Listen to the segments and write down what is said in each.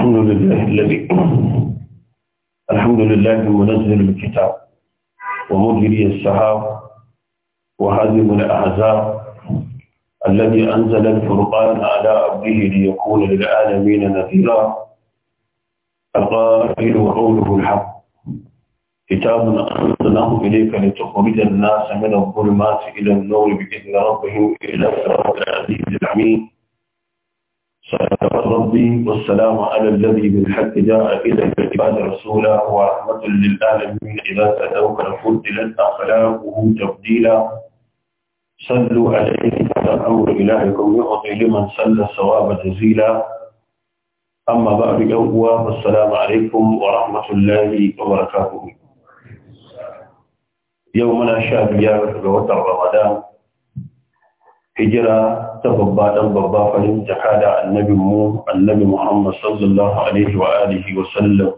الحمد لله الذي الحمد لله منزل الكتاب ومجري السحاب وهزم الأحزاب الذي أنزل الفرقان على عبده ليكون للعالمين نذيرا القائل وقوله الحق كتاب أنزلناه إليك لتخرج الناس من الظلمات إلى النور بإذن ربهم إلى صراط العزيز الحميد صلوات ربي والسلام على الذي بالحق جاء إلى العباد رسولا ورحمة للعالمين إذا تدوك لفضلت أخلاقه تبديلا صلوا عليه أمر إلهكم يعطي لمن صلى الصواب جزيلا أما بعد الأول فالسلام عليكم ورحمة الله وبركاته يومنا شاب يا رمضان hijira ta babba ɗan babba farin jaka annabin mu annabi Muhammad sallallahu alaihi wa alihi wa sallam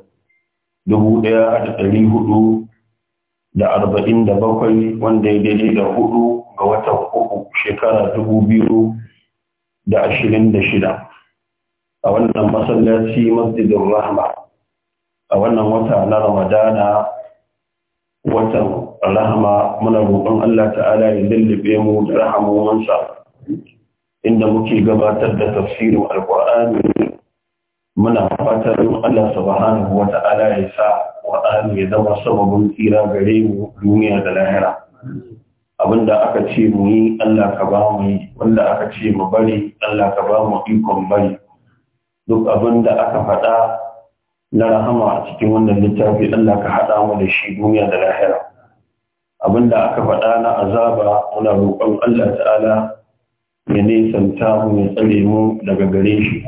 1447 wanda ya daidai da hudu ga watan uku shekara 2026 a wannan masallaci masjidin rahma a wannan wata na ramadana watan rahama muna roƙon Allah ta'ala ya lullube mu da rahamomansa inda muke gabatar da tafsirin alƙur'ani muna fatan Allah subhanahu wa ta'ala ya sa ƙur'ani ya zama sababin tsira gare mu duniya da lahira abinda aka ce mu yi Allah ka ba mu yi wanda aka ce mu bari Allah ka ba mu ikon bari duk abinda aka faɗa na rahama a cikin wannan littafi Allah ka haɗa mu da shi duniya da lahira abinda aka faɗa na azaba muna roƙon Allah ta'ala ya nesanta mu ya tsare mu daga gare shi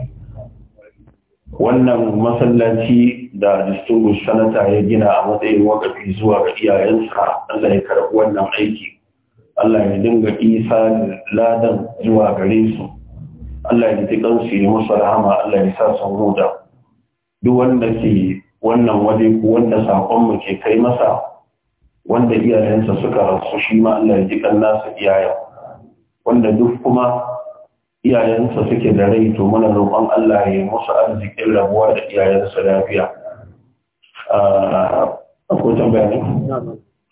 wannan masallaci da distinguished sanata ya gina a matsayin wakafi zuwa ga iyayensa Allah ya karɓi wannan aiki Allah ya dinga isa ladan zuwa gare su Allah ya ji kansu ya musu rahama Allah ya sa su huda duk wanda ke wannan waje ko wanda saƙonmu ke kai masa wanda iyayensa suka rasu shi ma Allah ya ji nasa iyaye wanda duk kuma iyayensa suke da rai to muna roƙon Allah ya musu arzikin rabuwa da iyayensa lafiya akwai tambaya ne?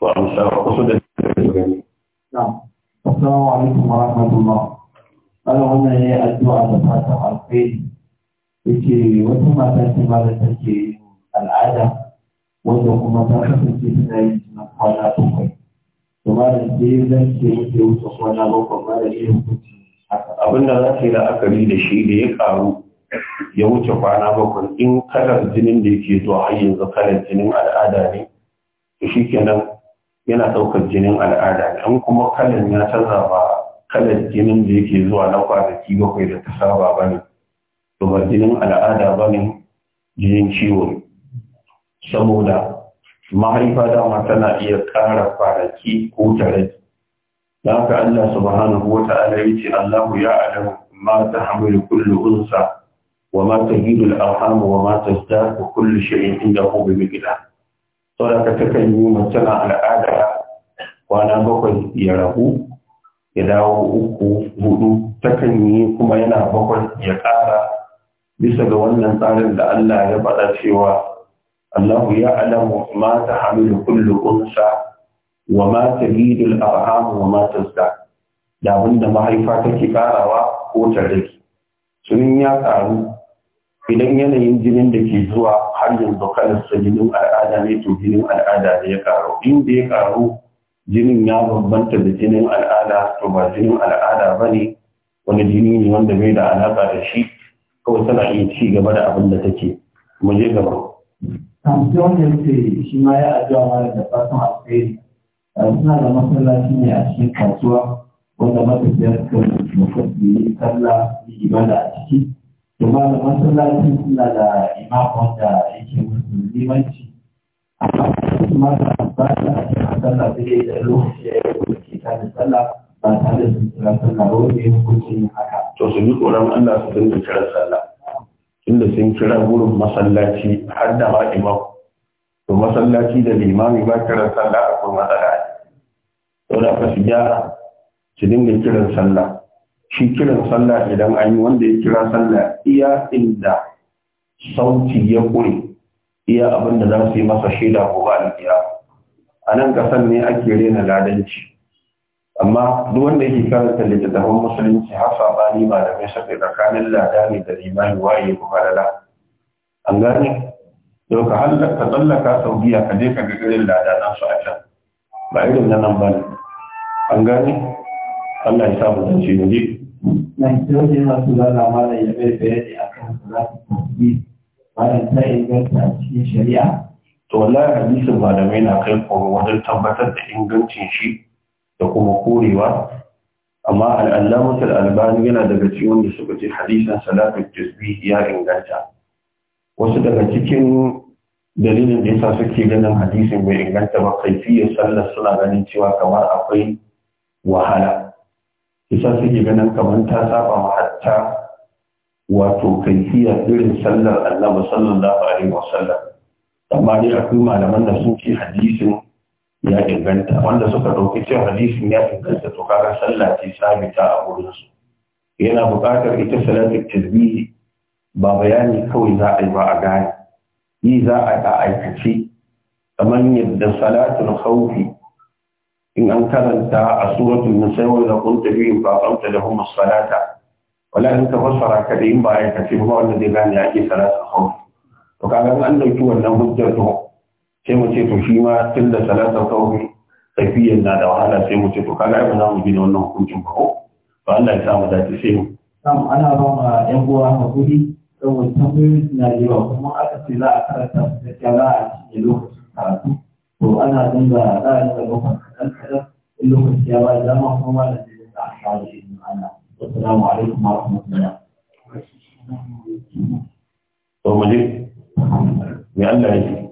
to amsa wasu da gani Assalamu alaikum wa rahmatullah. Allah wannan ya yi addu'a da fatan alheri yake wata mata ce malam take al'ada wanda kuma ta kasance tana yin na kwana bakwai da malam yi zan ce muke wuce kwana bakwai da ya hukunci abin da za ka yi la'akari da shi da ya karu ya wuce kwana bakwai in kalar jinin da yake zuwa har yanzu kalar jinin al'ada ne to shi kenan yana ɗaukar jinin al'ada ne an kuma kalan ya canza ba kalar jinin da yake zuwa na kwanaki bakwai da ta saba ba ne to ba jinin al'ada ba ne jinin ciwo saboda mahaifa dama tana iya ƙara faraki ko tare da haka Allah subhanahu wa ta'ala ce Allahu ya alamu ma hamil kullu unsa wa ma ta gidu arham wa ma tazdadu kullu shay'in indahu bi miqdar saboda ka takan yi mutana al'ada kwana bakwai ya rahu ya dawo uku hudu takan yi kuma yana bakwai ya ƙara bisa ga wannan tsarin da Allah ya faɗa cewa Allah ya alamu ma ta hamilu kullu unsa wa ma ta gidul wa ma da wanda mahaifa take karawa ko ta rage sunin ya ƙaru. idan yanayin jinin da ke zuwa har yanzu kalarsa jinin al'ada ne to jinin al'ada ne ya ƙaru, inda ya ƙaru jinin ya bambanta da jinin al'ada to ba jinin al'ada ba ne wani jini ne wanda bai da alaƙa da shi kawai tana iya ci gaba da abin da take mu je gaba tamsiyon ya ce shi ma ya ajiya mara da fatan alkhairi suna da masallaci ne a cikin kasuwa wanda matafiya suka mutum yi sallah yi ibada a ciki kuma da masallaci suna da imam wanda yake musu limanci amma kuma da ba a cikin sallah da lokaci ya yi wuce ta da sallah ba tare da su kira sallah ba wanda ya hukunci yin haka. To su bi tsoron Allah su dinga kiran sallah. Inda sun kira gurin masallaci har da ma imam. To masallaci da limami ba kiran sallah akwai matsala. Saboda haka su gyara su dinga kiran sallah. Shi kiran sallah idan an yi wanda ya kira sallah iya inda sauti ya ƙure iya abin da za su yi masa shaida gobe alƙiyama. a nan kasan ne ake rena ladanci amma duk wanda yake karanta littattafan musulunci har sabani malamai suka tsakanin ladani da limani waye ku falala an gane yau ka hallaka tsallaka saudiya ka je ka ga garin ladanan su a can ba irin na nan ba ne an gane allah ya samu zance ne Nigeria na masu zana mara ya bai bayani a kan su za su ba da ta inganta a cikin shari'a. To wallahi hadisin malamai na kai kuma wajen tabbatar da ingancin shi da kuma korewa amma al'allamatul albani yana daga cikin da suka ce hadisan salatul jazbi ya inganta wasu daga cikin dalilin da yasa suke ganin hadisin bai inganta ba kaifiyar sallar suna ganin cewa kamar akwai wahala yasa suke ganin kamar ta saba ma hatta wato kaifiyar irin sallar annabi sallallahu alaihi wasallam amma dai akwai malaman da sun ce hadisin ya inganta wanda suka ɗauki cewa hadisin ya inganta to kaga sallah ce sabita a wurinsu yana buƙatar ita salatul tasbih ba bayani kawai za a yi ba a gane yi za a a aikace kamar yadda salatul khawfi in an karanta a suratul nisa wa la kunta bihim fa aqamta lahum salata wala in ka fassara ka da in ba aikace ba wanda zai gane ya ke salatul khawfi to kaga an ɗauki wannan hujjar to sai mu ce to shi ma tun da salatar kawai tafiyan na da wahala sai mu ce to kaga ai za mu bi da wannan hukuncin ba ko ba Allah ya sa mu dace sai mu sam ana ba ma yan uwa hakuri saboda tambayoyi na da yawa kuma aka ce za a karanta da kyara a cikin lokacin karatu to ana dinga za a dinga lokacin kadan kaɗan in lokaci ya ba da dama kuma da zai da a kawo shi in ana assalamu alaikum wa rahmatullah to mu je Allah ya ji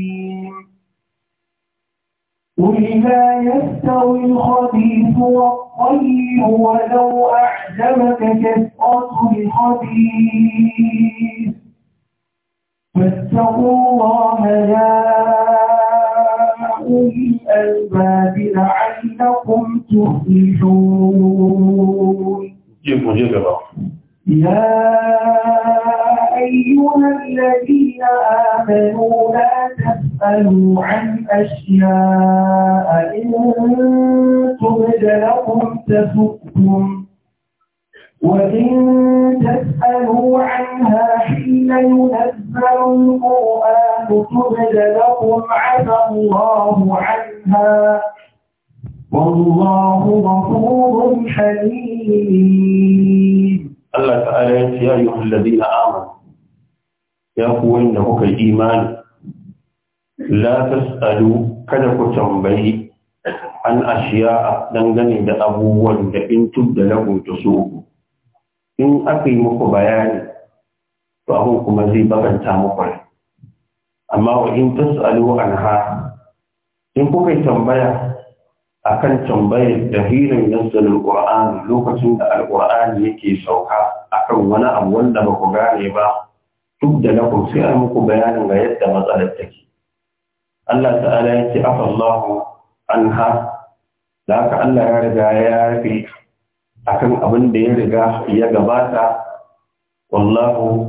قل لا يستوي الخبيث والطيب ولو أعجبك كثرة الخبيث فاتقوا الله يا أولي الألباب لعلكم تفلحون يا أيها الذين آمنوا لا تفلحوا تسألوا عن أشياء إن تبد لكم تسؤكم وإن تسألوا عنها حين ينزل القرآن تبد لكم عفا الله عنها والله غفور حليم الله تعالى يا أيها الذين آمنوا يا أخوين لك الإيمان la tasalu kada ku tambayi an ashiya dangane da abubuwan da in tubda lahu so in aka yi muku bayani to abin kuma zai bakanta muku amma wa in tasalu anha in kuka tambaya akan tambayar da hirin nazzalul qur'an lokacin da Al'ƙur'ani yake sauka akan wani abu wanda ba ku gane ba duk da na sai yi muku bayanin ga yadda matsalar take Allah ta'ala yake ce anha da haka Allah ya riga ya yafe akan abin da ya riga ya gabata wallahu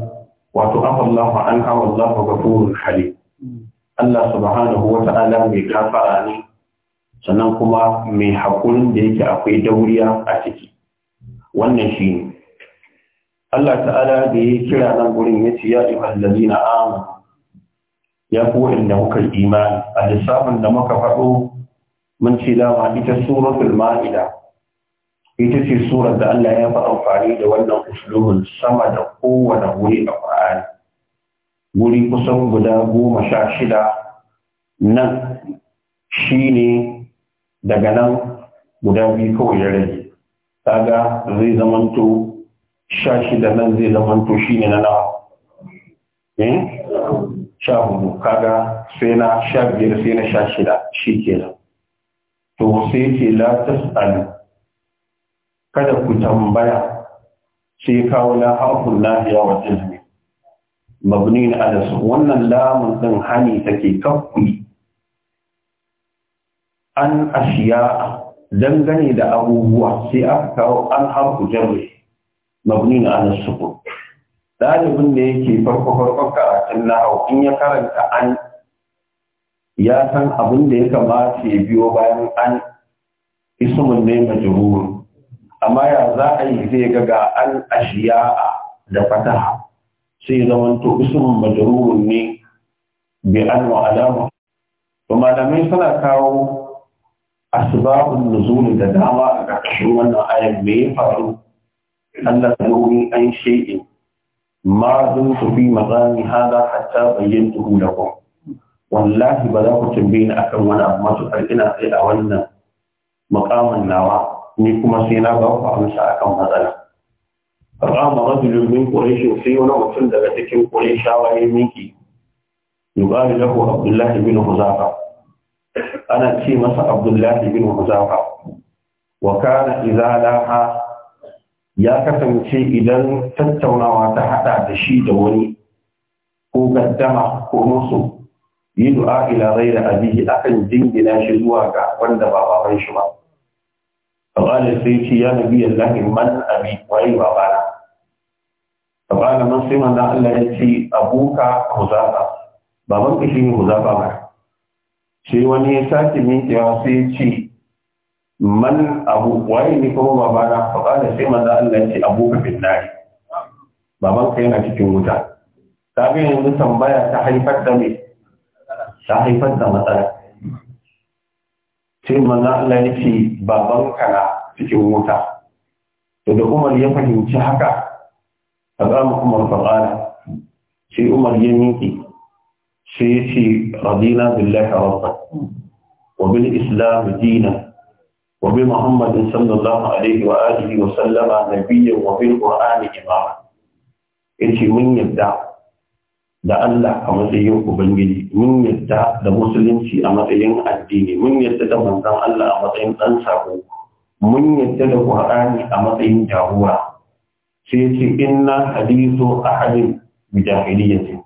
wato afallahu anha wallahu ghafurur halim Allah subhanahu wa ta'ala mai gafara ne sannan kuma mai haƙurin da yake akwai dauriya a ciki wannan shi ne Allah ta'ala da ya kira nan gurin ya ce ya ayyuhal ladina amanu ya fi waɗanda muka imani a lissafin da muka faɗo mun ce dama ita suratul ma'ida ita ce surar da Allah ya fi amfani da wannan uslubin sama da kowane wuri a Qur'ani wuri kusan guda goma sha shida nan shi ne daga nan guda biyu kawai ya rage kaga zai zamanto sha shida nan zai zamanto ne na nawa eh? sha hudu kaga sai na sha biyar sai na sha shida shi kenan to sai ce latas tas'alu kada ku tambaya sai kawo na harkun lafiya wa jazmi mabni na alasu wannan lamun din hani take kakkui an ashiya dangane da abubuwa sai aka kawo an harfu jarri mabni na alasu ɗalibin da yake farko farkon karatun nahau in ya karanta an ya san abin da ya kamata ya biyo bayan an ismun ne majrur amma ya za a yi zai ga ga an ashiya'a da fataha sai zaman to ismun majrurun ne bi an wa alama to malamai suna kawo asbabun nuzul da dama a ƙarƙashin wannan ayan me ya faru Allah ya an shay'in ma zuntu fi mazani hada hatta bayyantuhu lakum wallahi ba za ku tambaye ni akan wani abu masu ina sai a wannan makamin nawa ni kuma sai na ba ku amsa akan matsala فقام رجل من قريش في ونوتن daga cikin Qurayshawa ya miki yuqal lahu Abdullah ibn Huzafa ana ce masa Abdullahi ibn Huzafa wa kana idza laha ya kasance idan tattaunawa ta haɗa da shi da wani ko gaddama ko musu yi du'a ila da abihi akan jingina shi zuwa ga wanda ba baban shi ba faqala sai ce ya nabi Allah man abi wai babana faqala man sai manzo Allah ya ce abuka huzafa baban ka shi shine huzafa ba sai wani ya sake minkewa sai ya ce man abu waye ne kuma faɗa da sai manzo Allah ya ce abu ka finnari baban ka yana cikin wuta kaga yanzu tambaya ta haifar da me ta haifar da matsala sai manzo Allah ya ce baban ka na cikin wuta to da Umar ya fahimci haka mu Umar faɗa sai Umar ya miƙe sai ya ce radina billahi rabba wa bil islam dinan وبمحمد صلى الله عليه وآله وسلم نبيا وبالقرآن إماما yace mun yadda da Allah a matsayin Ubangiji, mun yadda da Musulunci a matsayin addini, mun yadda da manzan Allah a matsayin ɗan sako, mun yadda da Ƙur'ani a matsayin jagora. Sai ce inna hadisu ahadin bidahiliyatin.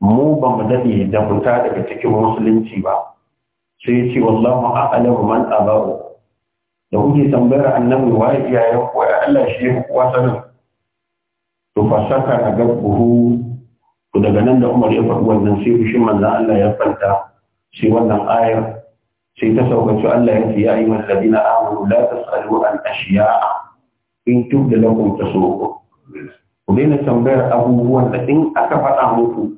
Mu ba mu daɗe da fita daga cikin Musulunci ba. Sai ce wallahu a'lamu man abaru da kuke tambayar annabi waye iyayen koya ya Allah shi ya kuwa sanin to fasaka na gabbuhu to daga nan da Umar ya faɗi wannan sai fushin manzon Allah ya fanta sai wannan ayar sai ta saukaci Allah ya ce ya ayyuhal ladina amanu la tasalu an ashiya'a in tubda lakum tasuqu ku daina tambayar abubuwan da in aka faɗa muku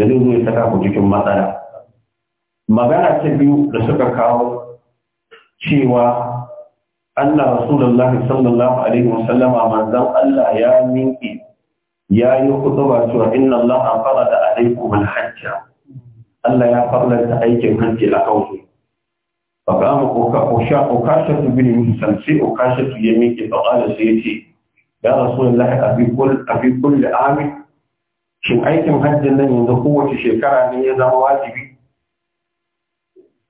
da zai zo ya saka ku cikin matsala magana ta biyu da suka kawo cewa anna rasulullahi sallallahu alaihi wasallama manzan Allah ya minki ya yi kutuba cewa inna Allah farada alaikum al-hajja Allah ya farlanta aikin hajji a kanku فقام أكاشة بن مهسل سي أكاشة يميك فقال سيتي يا رسول الله أبي كل, أبي كل عام شن أيتم هجا لن ينزقوة شكرا لي يزم واجبي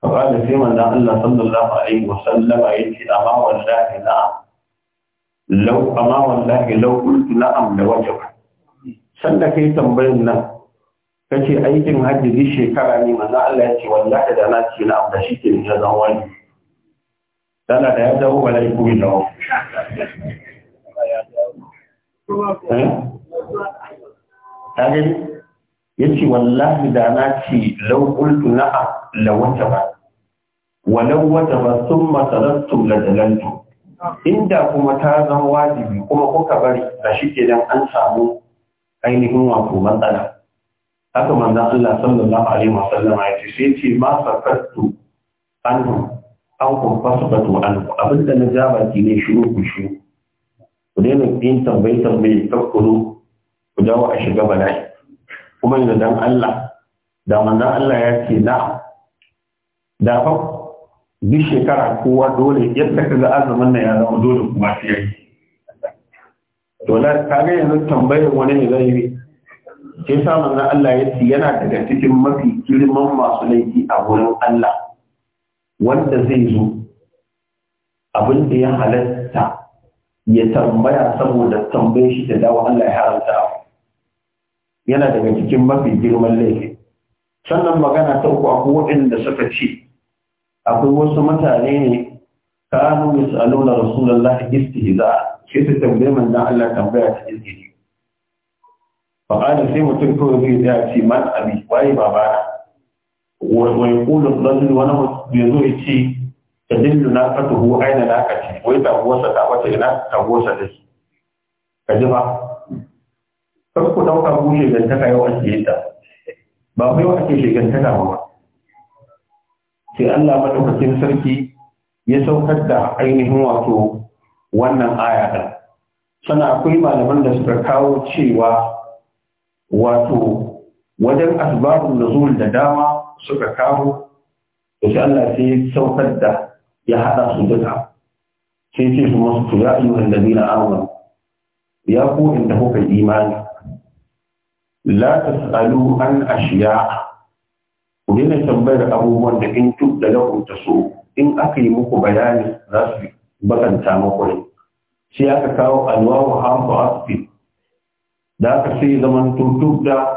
فقال في من الله صلى الله عليه وسلم يتي أما والله لو أما والله لو قلت نعم لوجب sanda kai tambayin nan kace aikin hajji duk shekara ne manzo Allah ya ce wallahi da na ce na'am da shike ne zan wani da ya dawo wala ku bi dawo eh yace wallahi da na ce law qultu na'am la ba walau ba thumma tarattu la dalaltu inda kuma ta zama wajibi kuma kuka bari da shike dan an samu ainihin wato matsala haka manzon Allah sallallahu alaihi wasallam ya ce sai ce ma sakartu anhu an kuma sabatu anhu abinda na jaba ki ne shiru ku shi ku daina tambayi tambayi ta kuru ku dawo a shiga bala'i kuma yanzu dan Allah da manzon Allah ya ce na da fa duk shekara kowa dole yadda ka ga azumin nan ya zama dole kuma sai yayi to la kaga yanzu tambayar wani ne zai yi ke sa manzon Allah ya ce yana daga cikin mafi girman masu laifi a wurin Allah wanda zai zo abin da ya halatta ya tambaya saboda tambayar shi da dawo Allah ya halatta yana daga cikin mafi girman laifi sannan magana ta uku akwai waɗanda suka ce akwai wasu mutane ne kanu misaluna rasulullahi istihza sai su tambaye manzon Allah tambaya ta izini فقال sai mutum kawai zai da ce man abi waye babana wa yaqulu ar-rajul wa nahu yazo yace tadillu naqatuhu aina naqati wai ta sa ta wata ina ta gosa da Ka kaji ba kan ku ɗauka ku shigantaka yau ake yi ta ba mai yau ake shigantaka ba sai Allah madaukakin sarki ya saukar da ainihin wato wannan aya ɗin sana akwai malaman da suka kawo cewa wato wajen asbabun nuzul da dama suka kawo to Allah sai saukar da ya hada su duka sai ce su masu ya ayyuhan ladina amanu ya ku inda kuka imani la tasalu an ashiya ku daina tambayar abubuwan da in tuk da lakum taso in aka yi muku bayani za su bakanta muku ne sai aka kawo alwawu harfu asfi da aka sai zaman tutuk da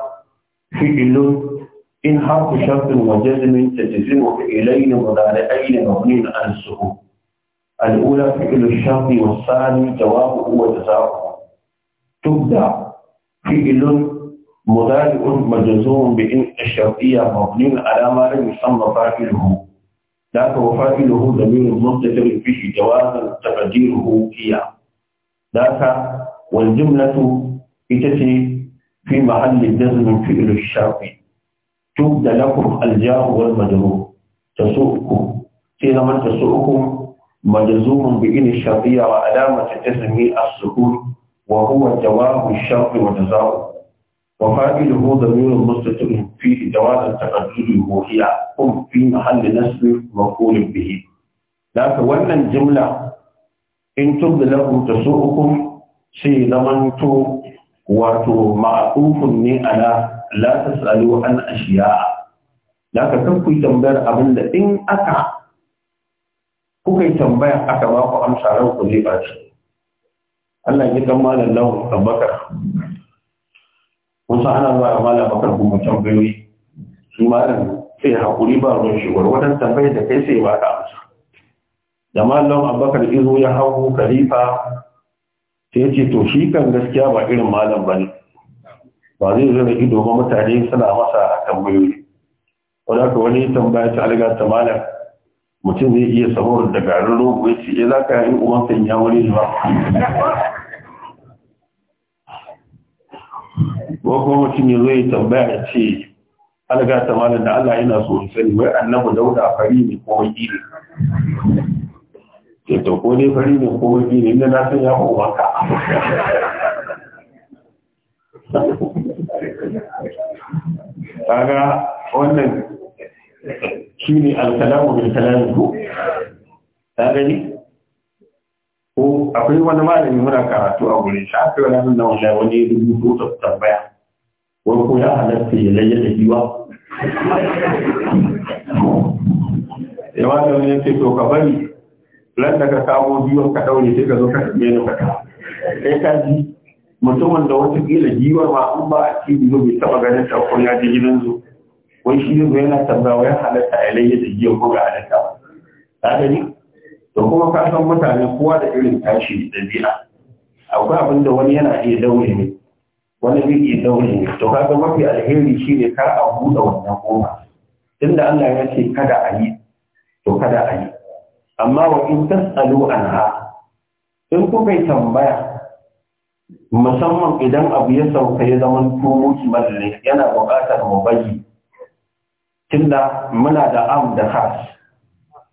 fi'ilun in harfu shafin wa jazmin tajzin wa fi'ilain mudari'ain mabnin an wa Sani فعل الشرط والثاني جوابه وجزاؤه تبدأ فعل mudari'un majazun bi in ashabiya mabnin ala ma lam yusamma fa'iluhu da ka wa fa'iluhu da min muntakir fi jawaz taqdiruhu iya da ka wal jumlatu ita ce fi mahalli jazm fi shafi tu da lakum al jar wal majrur tasu'ku sai zaman tasu'ku majazun bi in ashabiya wa alama ta tasmi as-sukun wa huwa jawab al shafi wa jazaa'u وفائله ضمير مستتر فيه جواز التقدير وهي قم في محل نسب مقول به لا تولى الجملة إن تبد لكم تسوءكم شيء ضمنت واتو معطوف على لا تسألوا عن أشياء لا تكفي تنبير أبن إن أكع كوكي تنبير أكباك أمسى روك لباس الله يتمال الله أبكر kun san ana zuwa malam bakar kuma tambayoyi shi malam sai hakuri ba ruwan shi gwargwadon tambayar da kai sai ba ka amsa da malam abakar izo ya hau khalifa sai ce to shi kan gaskiya ba irin malam ba ne ba zai zo da ido ba mutane suna masa tambayoyi Wadaka ka wani tambaya ta alga ta malam mutum zai iya sahur da garin rogo ya ce eh, za ka yi uwan ya wuri ba ko ko mutum ya zo ya tambaya ya ce alga ta malam da Allah yana so sai wai annabi dauda fari ne ko wani ne ke to ko ne fari ne ko wani ne inda na san ya kuma ka kaga wannan shi ne kalamu bil kalam ko ta gani ko akwai wani malami muna karatu a gurin shi akwai wani nan wani rubutu da tambaya wai ya halatta ya layya da giwa ya wata wani yake to ka bari lan daga ka kawo giwar ka daure sai ka zo ka tambaye ni ka kai ka ji mutumin da wata ƙila giwar ma an ba a cikin zo bai taɓa ganin ta ko ya je gidan zo wai shi ne yana tambaya ya halatta ya layya da giwa ko ga halatta ba ka gani to kuma ka san mutane kowa da irin tashi da biya akwai abin da wani yana iya daure ne wani zai iya daure to kaga mafi alheri shi ne kar a buɗe wannan goma tunda Allah ya ce kada a yi to kada a yi amma wa in tasalu anha in kuka kai tambaya musamman idan abu ya sauka ya zama ki kimanin yana buƙatar mu bayi tunda muna da am da khas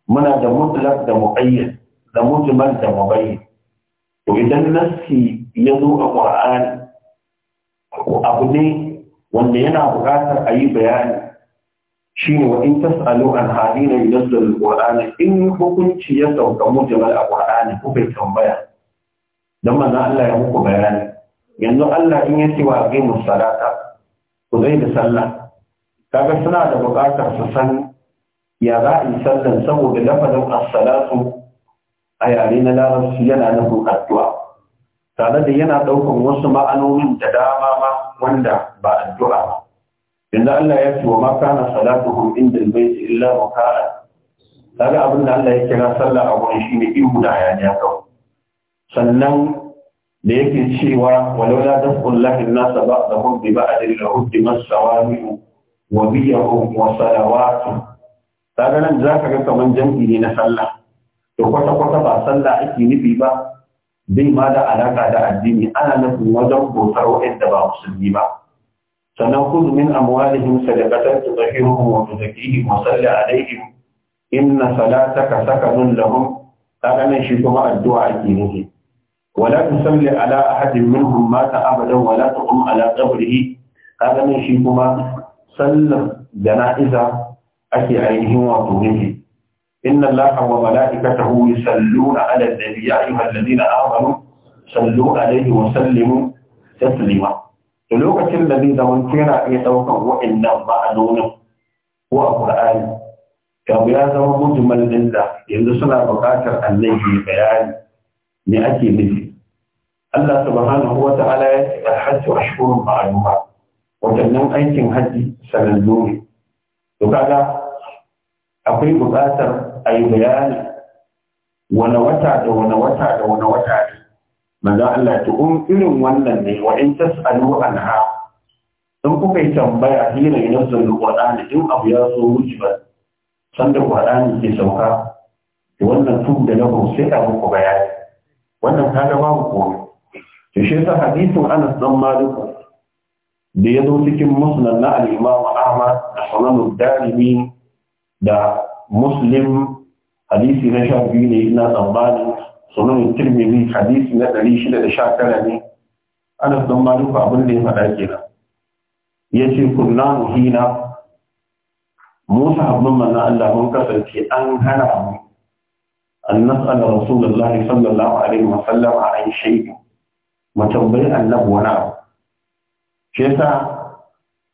muna da mutlaq da muqayyad da mujmal da mubayyin to idan nasi ya zo a qur'ani Ko abu ne wanda yana buƙatar a yi bayani shi ne wa in tas'alu an nasu da alqur'ani in hukunci ya sauka mujmal alqur'ani ko bai tambaya don manzo Allah ya muku bayani yanzu Allah in yake wa aqimu salata ku zai da sallah ga suna da buƙatar su san ya za a yi sallan saboda lafazin as-salatu a yare na larabci yana nufin addu'a tare da yana ɗaukan wasu ma'anonin da dama ma wanda ba addu'a ba yanzu Allah ya ce wa ma salatu salatuhum inda albayt illa wa kana kaga abin da Allah ya kira sallah a shi shine ihu da hayaniya kawai sannan da yake cewa walau la dafullahi an-nas ba'dahum bi ba'd lahuddimat sawami'u wa biyahum wa salawatu kaga nan ka ga kamar jam'i ne na sallah to kwata kwata ba sallah ake nufi ba bai ma da alaka da addini ana nufin wajen bautar waɗanda ba musulmi ba sannan kudu min amwalihim sadaqatan tutahhiruhum wa tuzakkihim wa salli alaihim inna salataka sakanun lahum kaga nan shi kuma addu'a ake nufi wala tusalli ala ahadin minhum mata abadan wala taqum ala qabrihi kaga nan shi kuma sallar jana'iza ake ainihin wato nufi إن الله وملائكته يصلون على النبي يا أيها الذين آمنوا صلوا عليه وسلموا تسليما lokacin da zai zama kira iya ɗaukar wa'annan ma'anonin ko a ƙur'ani abu ya zama mujmal da yanzu suna buƙatar annabi bayani me ake nufi Allah subhanahu wa ta'ala ya ce alhajju ashhurun ma'luma watannin aikin hajji sanannu ne to kaga akwai buƙatar a yi bayani wani wata da wani wata da wani wata ne maza Allah ta in um, irin wannan ne wa in tasalu anha in kuka yi tambaya hira ina ƙwada Qur'ani in abu ya so wuce ba san da Qur'ani ke sauka to wannan tun da labo sai a muku bayani wannan kaga babu komai to shi yasa hadisin Anas dan Malik da ya zo cikin musnad na al-Imam Ahmad da Sunan ad-Darimi da muslim hadisi na sha biyu ne ina tsammani sunan tirmidhi hadisi na ɗari shida da sha tara ne ana don ku abin da ya faɗa nan. ya ce kunna muhina musa abin manna allah mun kasance an hana mu an nas'ala rasulullah sallallahu alaihi wa sallam an shay'in mu tambayi annabi wani abu shi yasa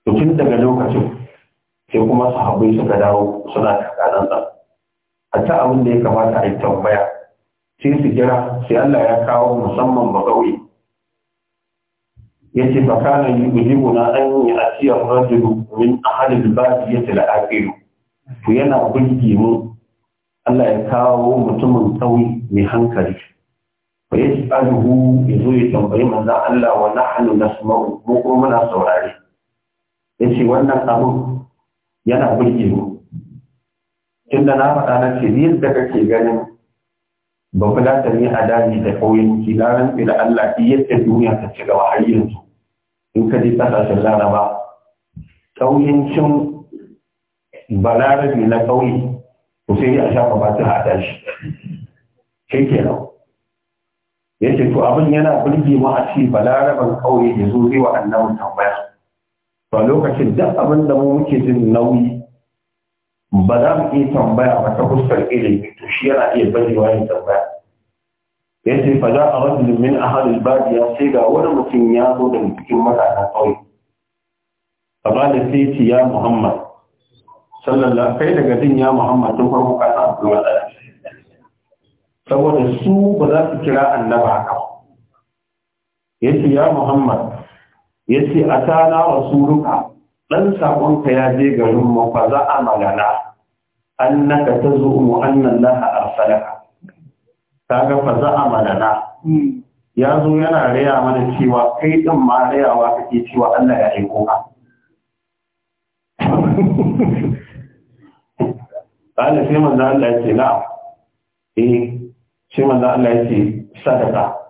tun daga lokacin sai kuma sahabbai suka dawo suna takalansa a ta abin da ya kamata a yi tambaya sai su jira sai Allah ya kawo musamman ba kauye ya ce fa kana yujibu na an yi asiyar rajulu min ahadil badiyati al-aqilu to yana bulge mu Allah ya kawo mutumin tsawi mai hankali fa yas'aluhu yazo ya zo ya tambayi manzan Allah wa na nahnu nasma'u mu kuma muna saurare ce wannan abu yana birge mu inda na faɗa na ce ni da kake ganin ba kula da ni a dami da ƙauyen ki na rantsi da Allah ki yadda duniya ta ci gaba har yanzu in ka ji ƙasashen laraba ƙauyencin balarabi na ƙauye ku sai a shafa ba ta hada shi shi ke nan ya ce to abin yana birge mu a ce balaraban ƙauye ya zo zai wa annabi tambaya to lokacin duk abin da mu muke jin nauyi ba za mu iya tambaya ba ta fuskar ilimi to shi yana iya barewa ya tambaya ya ce fa za a rajulun min ahadul badiya sai ga wani mutum ya zo daga cikin matakan ƙauye fa ba da sai ce ya muhammad sallallahu kai daga din ya muhammad tun farko ka san abu matsala saboda su ba za su kira annaba haka ya ce ya muhammad ya ce a tana rasuluka ɗan saƙonka ya je garin mafa za a magana an naka ta zo mu na laha arsalaka ta ga fa za a magana hmm. ya zo yana raya mana cewa kai ɗin ma rayawa kake cewa Allah ya aiko ka Ƙala sai manzo Allah ya ce na eh sai manzo Allah ya ce sadaka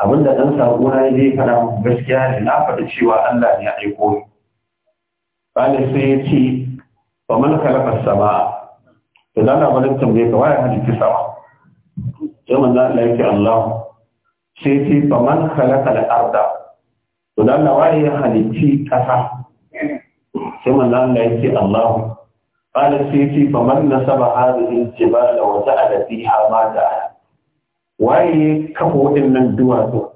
abinda ɗan saƙo na zai fara gaskiya ne na faɗi cewa Allah ne ya aiko ni bani sai ya ce ba man khalaqa sama to dan Allah bari tambaye ka waye ki sama sai manzo Allah yake Allah sai ce ba man khalaqa al-arda to dan Allah waye halitti kasa sai manzo Allah yake Allah قال سيتي فمن نسب هذه الجبال وجعل فيها ما جعل waye kafa waɗannan duwatsu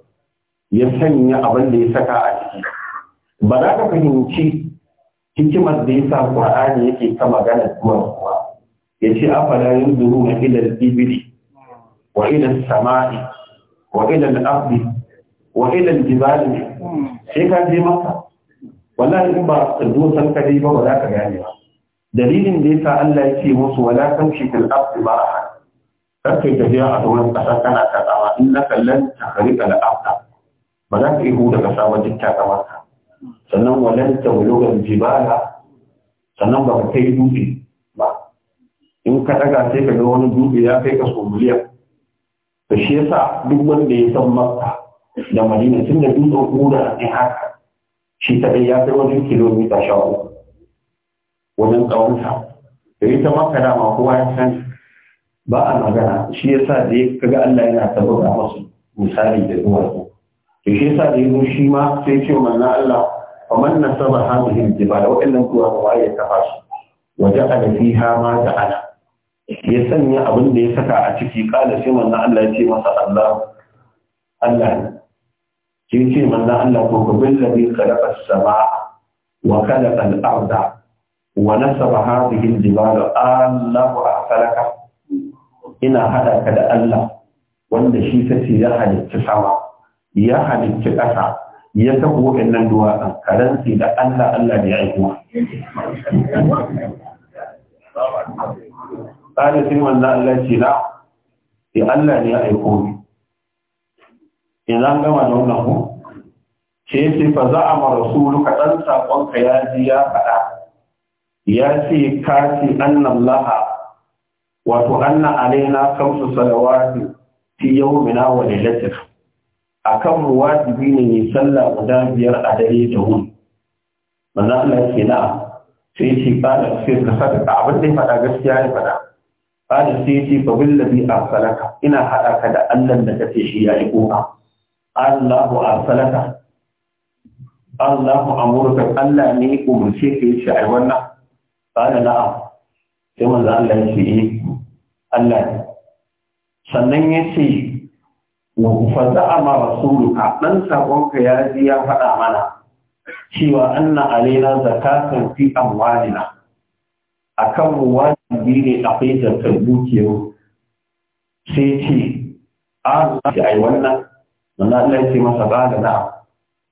ya sanya abin da ya saka a ciki ba za ka fahimci hikimar da ya sa ƙur'ani yake ta magana zuwa ba ya ce fara yin duru na ilar bibiri, wa ilar samari wa ilar abdi wa ilar jibali sai ka je maka Wala in ba dusan kare ba ba za ka gane ba dalilin da ya sa Allah ya ce musu wala kan tamshi fil ba a karka tafiya a wurin ƙasa kana takawa in na kallon takari la'afta ba za ka yi daga sabon samu duk ka. sannan walan wulogar jibala sannan ba ka kai dutse ba in ka ɗaga sai ka ga wani dutse ya kai ka so miliyan da shi yasa duk wanda ya san makka da madina tun da dutsen a ne haka shi kaɗai ya kai wajen kilomita sha uku wajen ƙawansa da ita makka dama kowa ya sani ba a magana shi yasa da ya kaga Allah yana ta masu misali da duwatsu to shi yasa da ya shi ma sai ce manna Allah faman nasaba hadhihi al-jibal wa illam kuwa waye ta fasu waje ala fiha ma ta'ala ya sanya abin da ya saka a ciki kala sai manna Allah ya ce masa Allah Allah ne shi ce manna Allah ko kabil ladhi khalaqa as-samaa wa khalaqa al-arda wa nasaba hadhihi al-jibal Allah khalaqa ina haɗa ka da Allah wanda shi ta ce ya halicci sama ya halicci ƙasa ya taɓa waɗannan duwatsun karanci da Allah Allah da ya yi kuma. Tsada sai wanda Allah ce na, ya Allah ne ya yi ni. Idan gama da wannan ku, ce ce fa za a mara su luka ɗan saƙonka ya ji ya faɗa, ya ce ka ce annan laha wato anna alaina kamsu salawati fi yawmina wa lailatina akan mu wajibi ne ne sallah guda biyar a dare da wuni manzo Allah ke na sai ce ba da sai ka saka abin da ya faɗa gaskiya ya faɗa ba da sai ce fa billahi arsalaka ina haɗa ka da Allah da kace shi ya yi koka Allahu arsalaka Allahu amurka Allah ne umurce ka yi shi ai wannan ba da na'am sai manzo Allah ya yi eh Allah sannan ya ce wa fata ma rasuluka dan sakonka ya ji ya faɗa mana cewa anna alaina zakatan fi amwalina akan wajibi ne akwai zakar dukiyar sai ce a za a yi wannan wannan Allah ya ce masa ba da na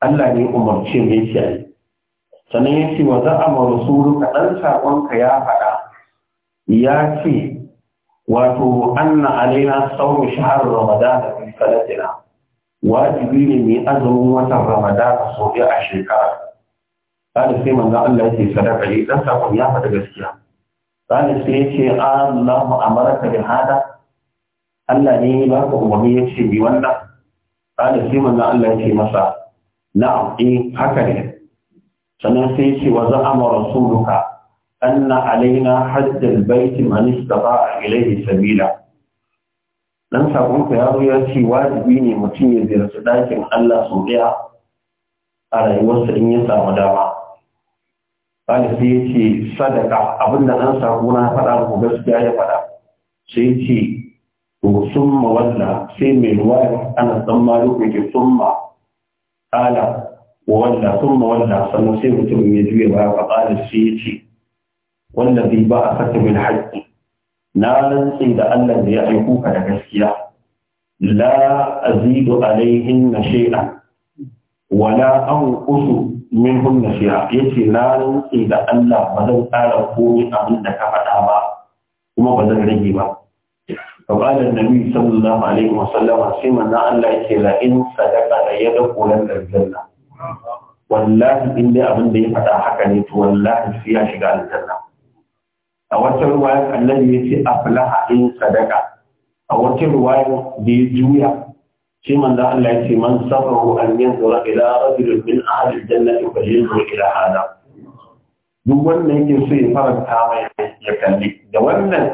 Allah ne umarci mai ce yi sannan ya ce wa za a maru suru kaɗan saƙonka ya faɗa ya ce wato anna alaina saumu shahar ramadana fi falatina wajibi ne mai azumin watan ramadana sau ɗaya a shekara kada sai manzon Allah yake sadaka ne eh, dan sakon ya faɗa gaskiya kada sai yace Allahu amaraka bi hada Allah ne ba ka umarni yace bi wannan kada sai manzon Allah yake masa na'am eh haka ne sannan sai yace wa za'ama rasuluka أن علينا حد البيت من استطاع a سبيلا Sabila. sakonka yaro ya ce wajibi ne mutum ya ziyarci ɗakin Allah sau ɗaya a rayuwarsa in ya samu dama. Bani ya ce sadaka abinda ɗan sako na faɗa gaskiya ya faɗa. Sai ce to summa walla sai mai ruwayar ana ɗan maluku ke summa ala wa walla summa walla sannan sai mutum ya juya baya faɗa da sai ya ce wanda bai ba a fata min haƙƙi na rantsi da Allah zai aiko ka da gaskiya la azidu alaihin na shi'a wa la an kusu min hun na shi'a ya ce na rantsi da Allah ba zan ƙara komi abin da ka faɗa ba kuma ba zan rage ba kabalar da bi sallallahu alaihi wa sallama sai manna Allah ya ce in sadaka da ya da kolan darjanna wallahi in dai abin da ya faɗa haka ne to wallahi sai ya shiga aljanna a wata ruwaya kallon ya ce aflaha in sadaka a wata ruwaya da ya juya shi maza Allah ya ce man sabaru an yanzura ila rajulin min ahli aljannati fa yanzur ila hada duk wanda yake so ya faranta mai ya kalli da wannan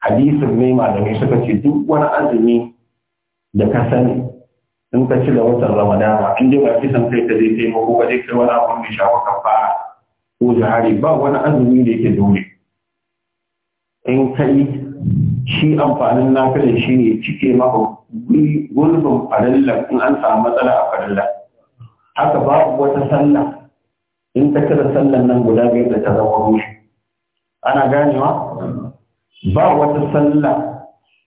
hadisin ne malamai suka ce duk wani azumi da ka sani in ka ci da watan ramadana in dai ba kisan kai ta zai taimako ba zai kai wani abu mai shafa kafa ko jihari ba wani azumi da yake dole in kai shi amfanin naka da shi ne cike maka gulbin farilla in an samu matsala a farilla haka babu wata sallah in ta kira sallan nan guda biyu da ta zama rushe ana ganewa ba wata sallah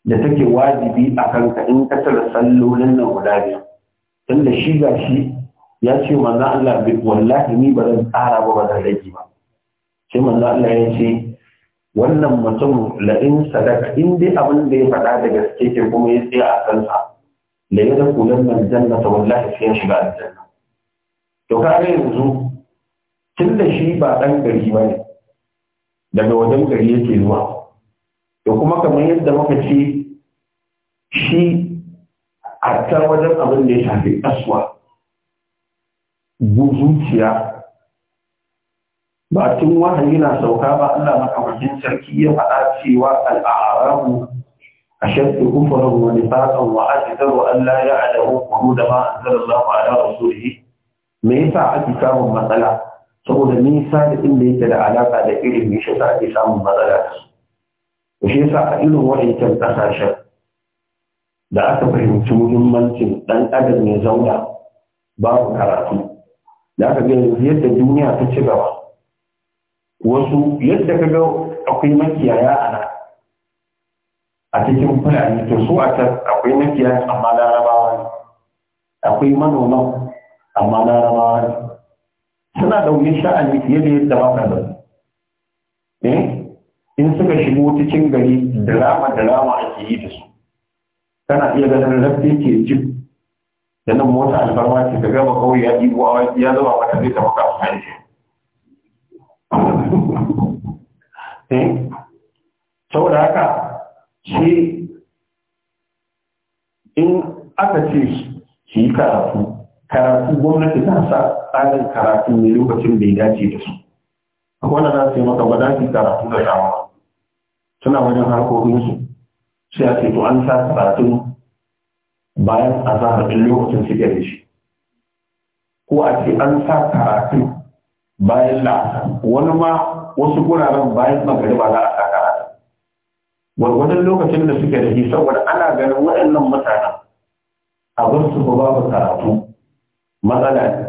da take wajibi a kanka in ka tara sallolin nan guda biyu tunda shi ga shi ya ce manzo Allah wallahi ni ba zan tsara ba ba zan rage ba sai manzo Allah ya ce wannan mutum la'in sadaka in dai abin da ya faɗa da gaske ke kuma ya tsaya a kansa da ya dafu nan nan jannata wallahi sai ya shiga aljanna to ga yanzu tun da shi ba ɗan gari ba ne daga wajen gari yake zuwa to kuma kamar yadda muka ce shi a ta wajen abin da ya shafi aswa zuciya ba tun wahayi na sauka ba Allah makamashin sarki ya faɗa cewa al'arabu a shaɗi kufurin wani fasan wa a cikin wa Allah ya alamu kuru da ma an zara Allah ma ala rasulihi me yasa ake samun matsala saboda nisa da inda yake da alaƙa da irin shi ake samun matsala da su shi yasa a irin wa'ancan ƙasashen da aka fahimci muhimmancin ɗan adam mai zauna babu karatu da aka ga yadda duniya ta ci gaba wasu yadda ka ga akwai makiyaya a nan a cikin fulani to su a can akwai makiyaya amma larabawa ne akwai manoma, amma larabawa ne suna da wuyan sha'ani fiye da yadda ba ka zai eh in suka shigo cikin gari drama drama ake yi da su kana iya ganin rafi ke jib da nan mota alfarma ce ka gaba kawai ya ɗibo a ya zama mata zai taɓa kafin haihuwa Eh? saboda haka shi in aka ce shi yi karatu karatu gwamnati ta sa tsarin karatu ne lokacin bai dace da su akwai wanda za su yi maka ba za karatu da yawa suna wajen harkokinsu sai a ce to an sa karatun bayan a zahar lokacin su gare shi ko a ce an sa karatu bayan la'asar wani ma wasu guraren bayan ba za a sa karatu gwargwadon lokacin da suke da shi saboda ana ganin waɗannan mutanen a wasu ba babu karatu matsala ne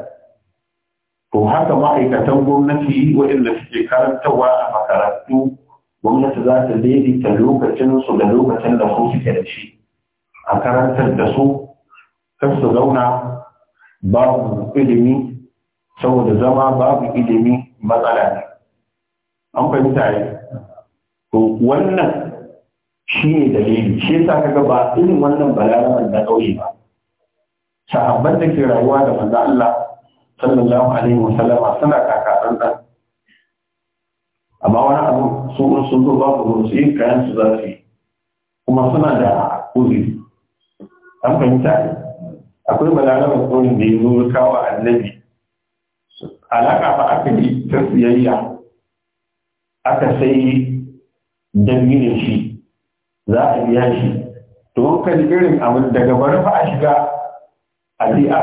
to haka ma'aikatan gwamnati waɗanda suke karantarwa a makarantu gwamnati za ta daidaita su da lokacin da su suke da shi a karantar da su kan su zauna babu ilimi saboda zama babu ilimi matsala ne an fahimta yi to wannan shi ne dalili shi yasa kaga ba irin wannan balarabar na ƙauye ba sahabban da ke rayuwa da manzo Allah sallallahu alaihi wa sallama suna kaka tsantsan amma wani abu su in sun zo babu ruwa su yi kayan su za su yi kuma suna da uzuri an fahimta akwai balarabar ƙauye da ya zo kawo annabi alaƙa fa aka yi ta siyayya aka sai danginin shi za a biya shi to kan irin abin daga bari fa a shiga a je a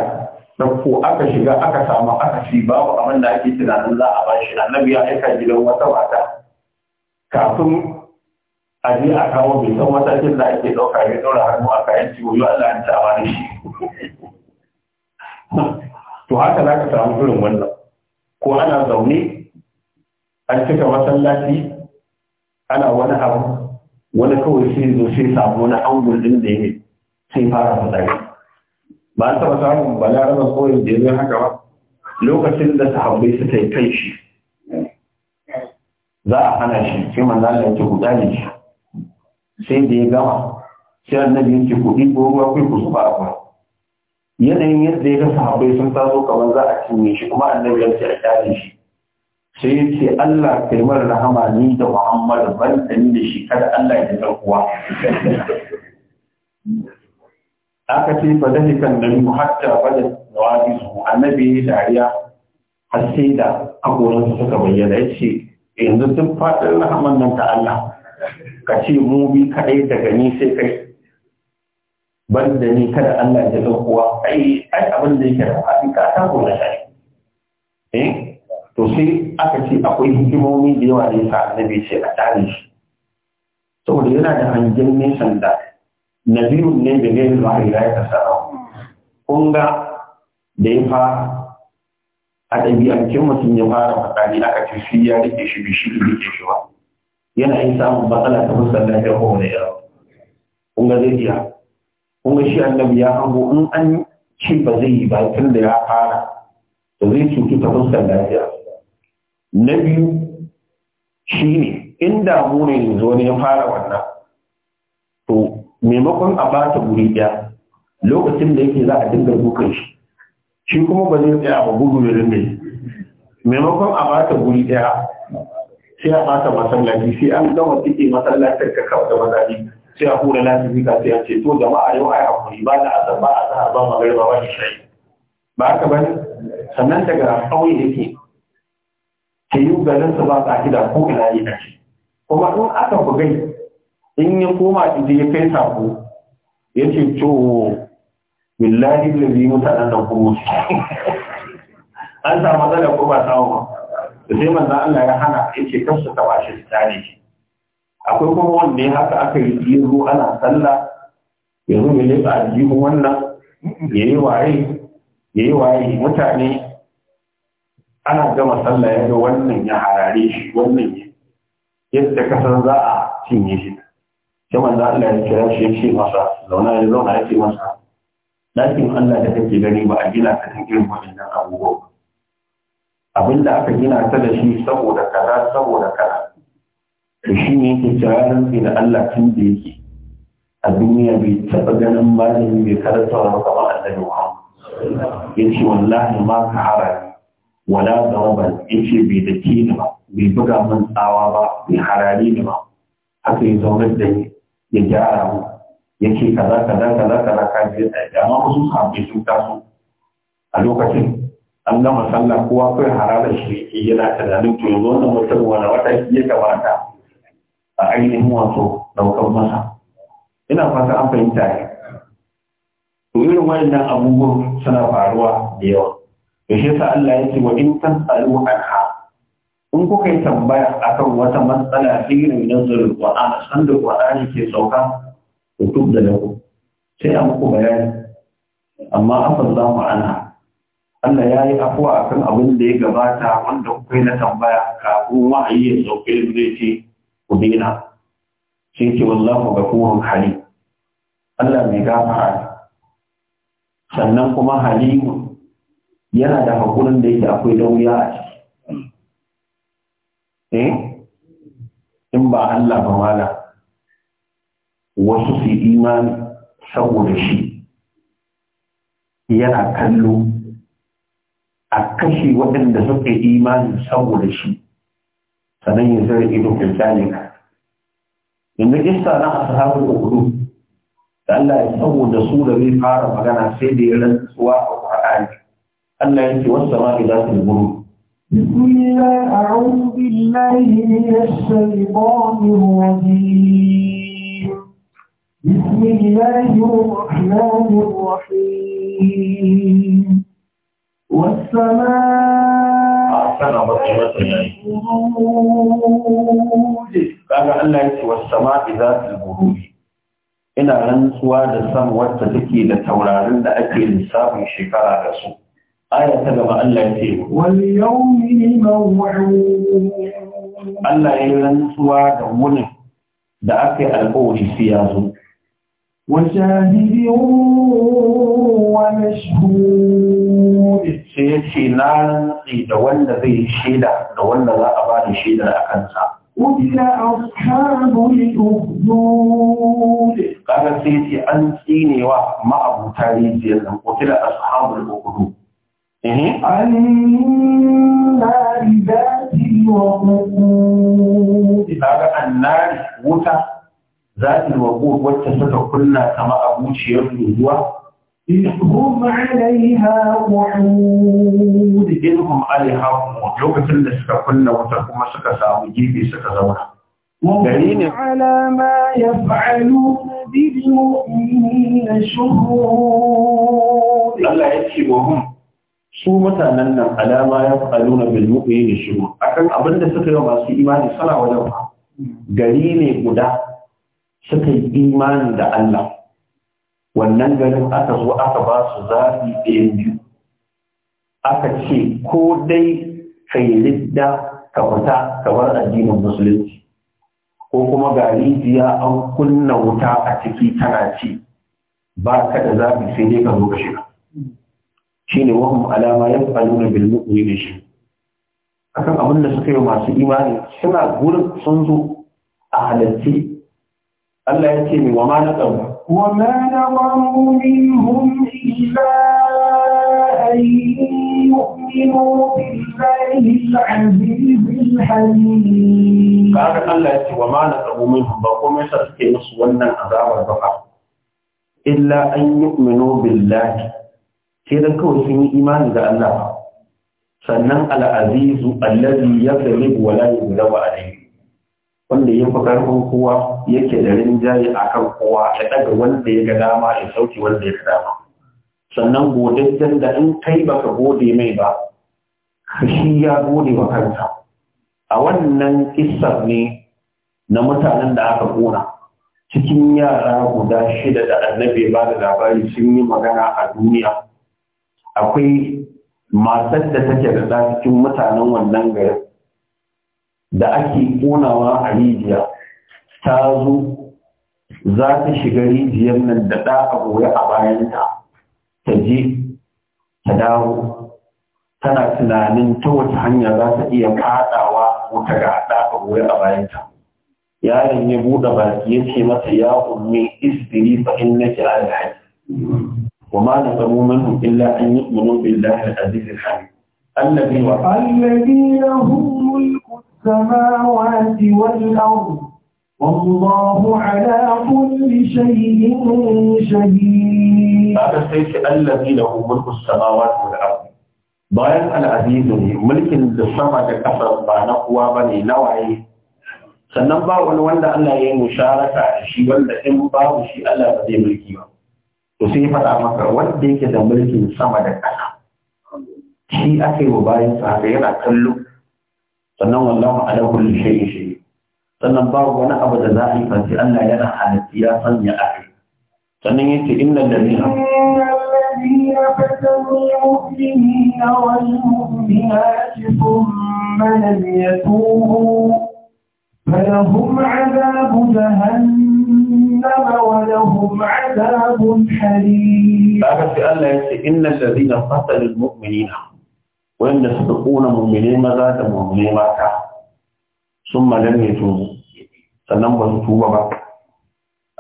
ɗauko aka shiga aka samu aka fi babu abin da ake tunanin za a bashi annabi ya aika gidan wata mata kafin a je a kawo bai san matakin da ake ɗauka ya ɗaura hannu a kayan ciwo yau Allah ya ta amana shi to haka za ka samu irin wannan ko ana zaune an cika masallaci ana wani abu wani kawai sai zo sai samu wani angul din da ya sai fara fitsari ba an taɓa samun balarabar kawai da yanzu haka ba lokacin da sahabbai suka yi kai shi za a hana shi sai manzan da yake guda ne shi sai da ya gama sai annabi yake kuɗi ku ruwa kai ku zuba a yanayin yadda ya ga sahabai sun taso kamar za a cinye shi kuma annabi ya ce a kyale shi sai ya ce Allah kai mara rahama ni da Muhammad ban da ni da shi kada Allah ya ji kuwa aka ce fa da kan da mu hatta fa da nawabi su annabi dariya har sai da agoran suka bayyana yace ce yanzu duk fadin rahaman nan ta Allah ka ce mu bi kadai daga ni sai kai Banda da ni kada Allah ya ga kowa ai ai abin da yake da hakika ta ko na shi eh to sai aka ce akwai hikimomi da yawa da yasa annabi ce a tsare shi saboda yana da hangen nesan da nabiyun ne da ne da ya tasara kun ga da ya fa a ɗabi'ancin mutum ya fara matsali aka ce shi ya rike shi bishi rike shi ba yana yin samun matsala ta fuskar ko kowane irin kun ga zai iya kuma shi annabi ya hango in an ci ba zai yi ba tun da ya fara da zai cutu ta fuskar lafiya na biyu shi ne in damu ne yanzu wani ya fara wannan to maimakon a ba ta guri ɗaya lokacin da yake za a dinga dukan shi shi kuma ba zai tsaya ba gudu ya rinne maimakon a ba ta guri ɗaya sai a ba ta masallaci sai an gama tike masallacin ka kawo da mazaji sai a hura lasifika sai a ce to jama'a yau ai hakuri ba da asar ba a zahar ba magarba ba shayi ba haka ba ne sannan daga ƙauye yake ke yi garinsa ba a gida ko ina yi ƙarshe kuma in aka ku bugai in ya koma inda ya kai sako ya ce to billahi lalzi mutanen da kuma an samu matsala ko ba samu ba da sai manzan Allah ya hana ya ce kansu taɓa shi su tare shi akwai kuma wanda ya haka aka yi biyu ana sallah ya zo ya leɓa aljihun wannan ya yi waye ya yi waye mutane ana gama sallah ya ga wannan ya harare shi wannan ya yadda kasar za a cinye shi sai manzo Allah ya kira shi ya ce masa zauna ya zauna ya ce masa ɗakin Allah da kake gani ba a gina ta kan irin waɗannan abubuwa abinda aka gina ta da shi saboda kaza saboda kaza da shi ne ke cewa rantsi na Allah tun da yake a duniya bai taɓa ganin malami mai karantarwa kamar annabi Muhammad ya ce wallahi ma ka hara ni. wala zaraban ya ce bai da ni ba bai buga min tsawa ba bai harare ni ba haka ya zaunar da ni ya gyara mu ya ce kaza kaza kaza kaza ka je tsaye da ma wasu sahabbai sun taso a lokacin an gama sallah kowa kai hararar shi yana tunanin to yanzu wannan mutum wani wata ya kamata a ainihin wato daukar masa ina fata an fahimta ne to irin wayannan abubuwan suna faruwa da yawa to shi yasa Allah ya ce wa in tasalu anha in kuka yi tambaya akan wata matsala irin nazarin Qur'ani san da Qur'ani ke sauka to duk da lako sai a muku bayani amma mu ana. Allah ya yi afuwa akan abin da ya gabata wanda kuka yi na tambaya kafin wa'ayi ya sauke zai ce ku daina sai ce wallahu ghafurur hali Allah mai gafara sannan kuma halimu yana da hakunan da yake akwai dauya a ciki eh in ba Allah ba mala wasu su imani saboda shi yana kallo a kashe waɗanda suka imani saboda shi فمن يزيد كذلك ان جسد انا هذا الوجود فالله يسوى رسول لي قال فكان سيدي الى سواء قال ان انت والسماء ذات الغرور بسم الله اعوذ بالله من الشيطان الرجيم بسم الله الرحمن الرحيم والسماء sana wasu wasu yayi kaga Allah ya ce wasu sama iza bururi ina rantsuwa da san wacce take da taurarin da ake lissafin shekara da su aya ta gaba Allah ya ce wal yawmi maw'ud Allah ya rantsuwa da munin, da aka yi alƙawari sai ya zo wa shahidin wa mashhud sai ya ce na rantsi da wanda zai yi shaida da wanda za a bada shaida a kansa. Ƙudila ashabul ukhdud kaga sai ya ce an tsinewa ma'abuta rijiyar nan ƙudila ashabul ukhdud Annari zafi wa Kaga annari wuta zafi wa wacce suka kunna kama abuciyar ruwa هم عليها قعود إنهم عليها قعود لوكتن da suka kunna wuta kuma suka samu gibi suka zauna dalilin ala ma yaf'alu bil mu'minina shuhud su mutanen nan alama ya fa'aluna ne shi shuhud akan abin da suka yi masu imani sala wajen gari ne guda suka yi imani da Allah wannan garin aka zo aka ba su zafi ɗayan biyu aka ce ko dai kai lidda ka fita kamar addinin musulunci ko kuma ga rijiya an kunna wuta a ciki tana ci ba ka da zafi sai dai ka zo ka shiga shi ne wahum alama ya faru na bilmuƙuri da shi akan abin da suka yi masu imani suna gurin sun zo a halarci Allah ya ce mai wa ma na tsaro وما نظروا منهم إلا أن يؤمنوا بالله العزيز الحميد kaga Allah ya ce wa ma nasabu minhum ba komai sa suke musu wannan azabar ba illa an yu'minu billahi sai dan kawai sun yi imani da Allah sannan al-azizu allazi yaghlibu wa la yughlabu alayhi wanda ya fi ƙarfin kowa yake da rinjaye a kan kowa ya daga wanda ya ga dama ya sauke wanda ya ga dama sannan godajjen da in kai baka gode mai ba shi ya gode wa kanta. a wannan kissar ne na mutanen da aka kona cikin yara guda shida da annabi ba da labari sun yi magana a duniya akwai matar da take da cikin mutanen wannan garin da ake ƙonawa a rijiya ta zo za ta shiga rijiyar nan da ɗa a goya a bayanta ta je ta dawo tana tunanin ta wata hanya za ta iya kaɗawa ta ga ɗa a goya a bayanta yaron ya buɗe baki ya ce masa ya ummi isbiri fa innaki ala hayy wa ma nasamu minhum illa an yu'minu billahi al-aziz al-hamid alladhi wa alladhi lahu السماوات والأرض والله على كل شيء شهيد هذا الشيء الذي له ملك السماوات والأرض bayan al'adizu ne mulkin da sama da ƙasa ba na kuwa ba ne nawaye sannan ba wani wanda Allah ya yi musharaka da shi wanda in babu shi Allah ba zai mulki ba to sai faɗa maka wanda yake da mulkin sama da ƙasa shi ake wa bayan sa yana kallo sannan wallahu ala kulli shay'in shay'in sannan ba wani abu da za a yi fasi Allah yana halitta ya sanya a kai sannan yace innal ladina الذين فلهم عذاب جهنم ولهم عذاب حليم. أعرف أن إن الذين قتلوا المؤمنين wanda suka ƙona mummune maza da mummune mata sun malam ya sannan ba su tuba ba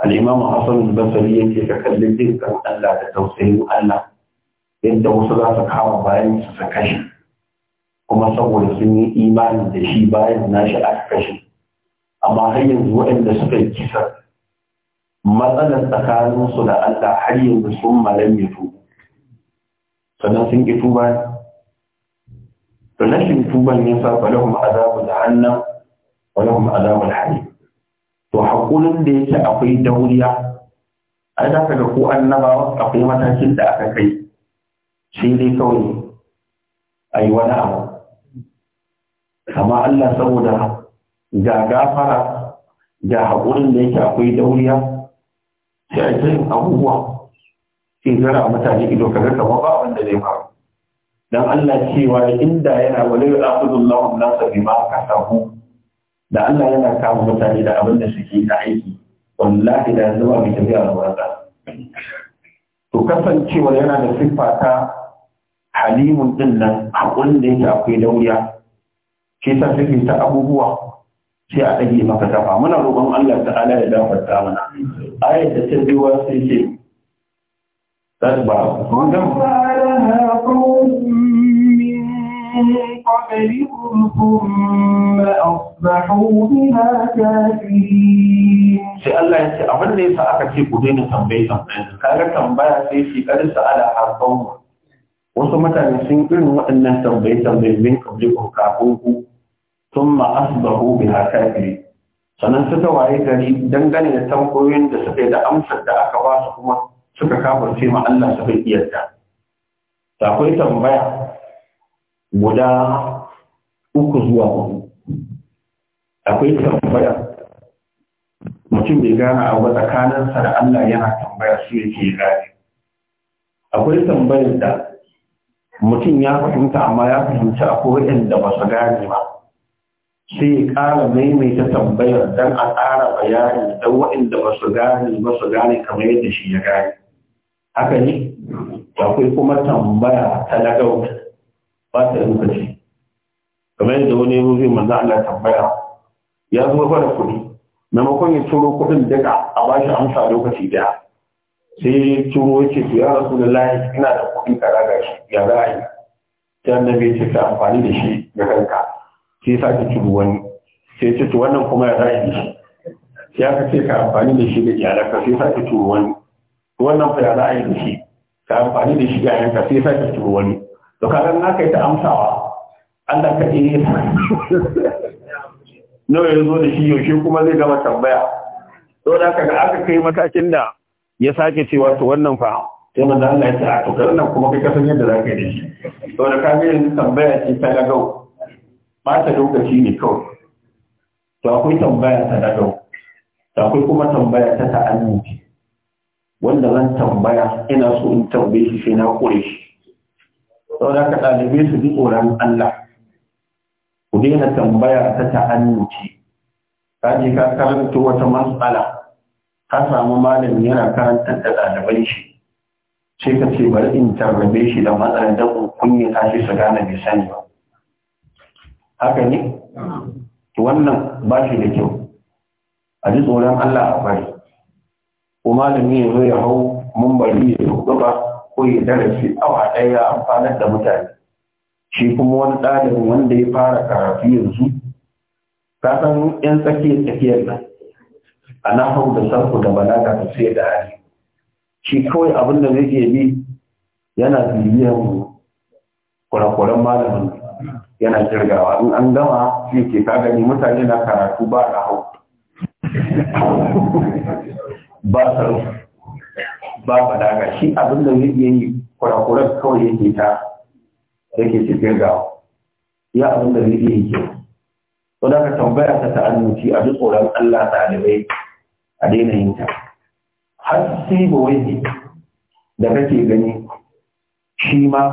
al'imamu hasan basari yake ka kalli dukkan allah da tausayin allah yadda wasu za su kama bayan su saka kashi, kuma saboda sun yi imani da shi bayan nashi aka kashi, amma har yanzu waɗanda suka yi kisa matsalar tsakaninsu da Allah har yanzu sun malam ya tuba sannan sun ƙi tuba to rashin tuban ya sa falahum azabu jahannam wa lahum azabu al to hakurin da yake akwai dauriya ai da kaga ko annabawa akwai matakin da aka kai sai dai kawai ayi wani abu amma Allah saboda ga gafara ga haƙurin da yake akwai dauriya sai a yin abubuwa sai zara mutane ido kaga kama ba abin da zai faru dan Allah cewa inda yana wala yaqudullahu an-nasa bima kasabu da Allah yana kama mutane da abin da suke da aiki wallahi da zuwa mai tafiya da wata to kasancewa yana da siffa ta halimun din nan a wanda yake akwai dauriya ke ta suke ta abubuwa sai a ɗage maka kafa muna roƙon Allah ta'ala ya dafarta mana ayat da ta biyu sai ce ba أهلكها قوم من قبلكم ثم أصبحوا بها كافرين sai Allah ya ce abin da yasa aka ce ku daina tambaye tambaye kaga tambaya sai shi karsa ala harfan wasu mutane sun irin waɗannan tambayi tambaye bin kablikun kafin ku sun ma'asbahu biha kafiri sannan suka waye gari dangane da tambayoyin da suka yi da amsar da aka ba su kuma suka kafarce ma Allah su bai iyarta akwai tambaya guda uku zuwa hudu akwai tambaya mutum bai gane wata tsakaninsa da Allah yana tambaya su yake gane akwai tambayar da mutum ya fahimta amma ya fahimci akwai waɗanda ba su gane ba sai ya ƙara maimaita tambayar don a ƙara bayani don waɗanda ba su gane ba su gane kamar yadda shi ya gane haka ne akwai kuma tambaya ta lagau ba ta lokaci kamar yadda wani rufe zai manzo Allah tambaya ya zo fara da kuɗi maimakon ya turo kuɗin daga a ba shi amsa lokaci daya sai ya turo ya ce ya rasu da lahi ina da kuɗi ka raga shi ya za a yi ta annabi ya ce ka amfani da shi ga kanka sai sa ke turo wani sai ce wannan kuma ya za a shi sai aka ce ka amfani da shi da iyalanka sai sa ke turo wani wannan fa ya za a yi da shi ka amfani da shi yayin ka sai sake turo wani to kaga na kai ta amsawa Allah ka yi nawa ya zo da shi yaushe kuma zai gama tambaya to da ga aka kai matakin da ya sake cewa to wannan fa sai manzo Allah ya ce a to nan kuma kai ka san yadda za ka yi da shi to da ka yi tambaya ce ta lagau ba ta lokaci ne kawai to akwai tambaya ta lagau akwai kuma tambaya ta ta'annuci wanda zan tambaya ina so in tambaye shi sai na kore shi saboda ka ɗalibai su ji tsoron Allah ku daina tambaya ta ta'annuci ka je ka karanta wata matsala ka samu malami yana karanta da ɗaliban shi sai ka ce bari in tarrabe shi da matsalar da kunya ta shi su gane bai sani ba haka ne wannan ba shi da kyau a ji tsoron Allah a bari ko malami ya zo ya hau mumbari ya hudu ba ko ya darasi awa ɗaya amfanar da mutane shi kuma wani ɗalibin wanda ya fara karatu yanzu ka san yan tsakiyar tsakiyar nan a na hau da sarku da balaga da sai da hali shi kawai abin da zai ke bi yana bibiyan kurakuran malamin yana jirgawa. in an gama shi ke ka gani mutane na karatu ba da hau ba tsaro ba ga shi abin da yake yi kurakuran kawai yake ta yake cikin gawa ya abin da yake yi ke to da ka tambaya ta ta'annuci a duk tsoron Allah ɗalibai a daina yin ta har sai ba wani da kake gani shi ma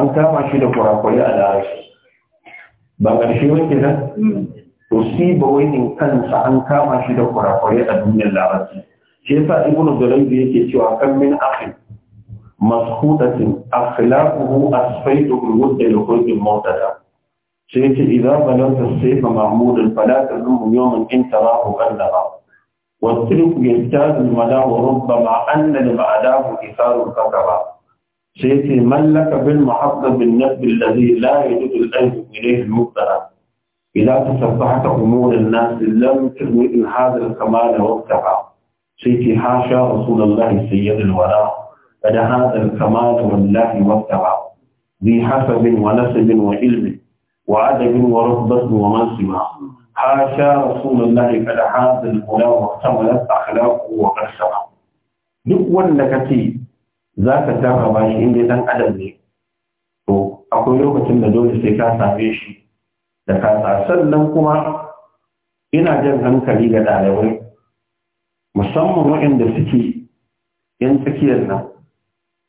an kama shi da kurakurai a larashi ba ƙarshe wake nan mm. usiba wani kansa an kama shi da kurakurai a duniyar larabci shi yasa ibn durayd yake cewa kan min akhi mashudatin akhlaquhu asfaytu bil wudd li kulli mawtada sai yace idan balanta sayfa mahmudan fala tazumu yawman in tarahu qallaba والترك يجتاز الملا وربما أن لبعداه إثار كتبا سيتي من لك بالمحض بالنفس الذي لا يجد الأجل إليه المبتلى إذا تسبحت أمور الناس لم تغوئ هذا الكمال وابتقى سيتي حاشا رسول الله سيد الوراء قد هذا الكمال والله وابتقى ذي حسب ونسب وعلم وعدم ورغبة ومنصبة حاشا رسول الله قد هذا الهدى واكتملت أخلاقه وقد سمع duk wanda ka ce za ka tara bashi inda dan adam ne to akwai lokacin da dole sai ka same shi da kasa sannan kuma ina jan hankali ga ɗalibai musamman waɗanda suke yan tsakiyar nan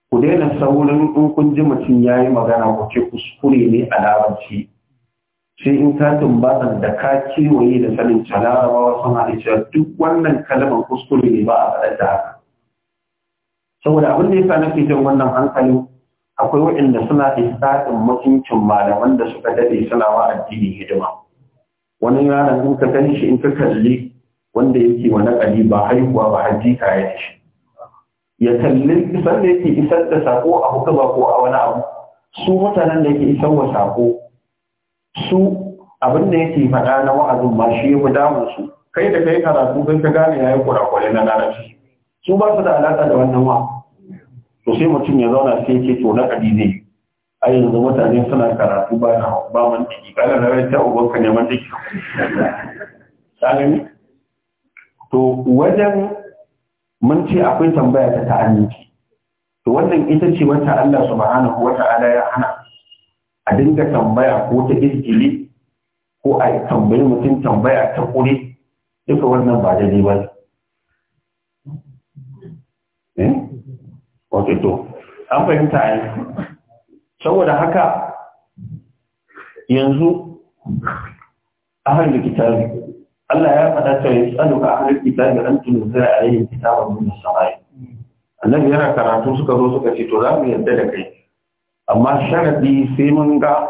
ku daina saurin in kun ji mutum ya yi magana ku ce kuskure ne a larabci sai in ka tumbata da ka kewaye da sanin larabawa sun haɗe cewa duk wannan kalmar kuskure ne ba a faɗa da haka saboda abin da sa nake jan wannan hankalin akwai waɗanda suna isaɗin mutuncin malaman da suka dade suna wa addini hidima wani yaron in ka gani shi in ka kalli wanda yake wa naƙali ba haihuwa ba ka ya da shi ya kalli isar da yake isar da sako a abu ba ko a wani abu su mutanen da yake isar wa sako su abin da yake faɗa na wa'azin ba shi ya damun su kai da kai karatu kai ka gane yayi kurakure na larabci su ba su da alaƙa da wannan wa to sai mutum ya zauna sai ce to na kadi zai a yanzu mutane suna karatu ba na ba man diki kana na rai ta ubanka ka neman diki sabani to wajen mun ce akwai tambaya ta ta'annuci to wannan ita ce wata Allah subhanahu wata'ala ya hana a dinga tambaya ko ta izgili ko a tambayi mutum tambaya ta kure duka wannan ba daidai ba wato to an fahimta yi. saboda haka yanzu ahalin kitabi Allah ya faɗa ta yi tsanuka ahalin kitabi an zai a yayin kitabar mun sama'i annabi yana karatu suka zo suka ce to za mu yarda da kai amma sharadi sai mun ga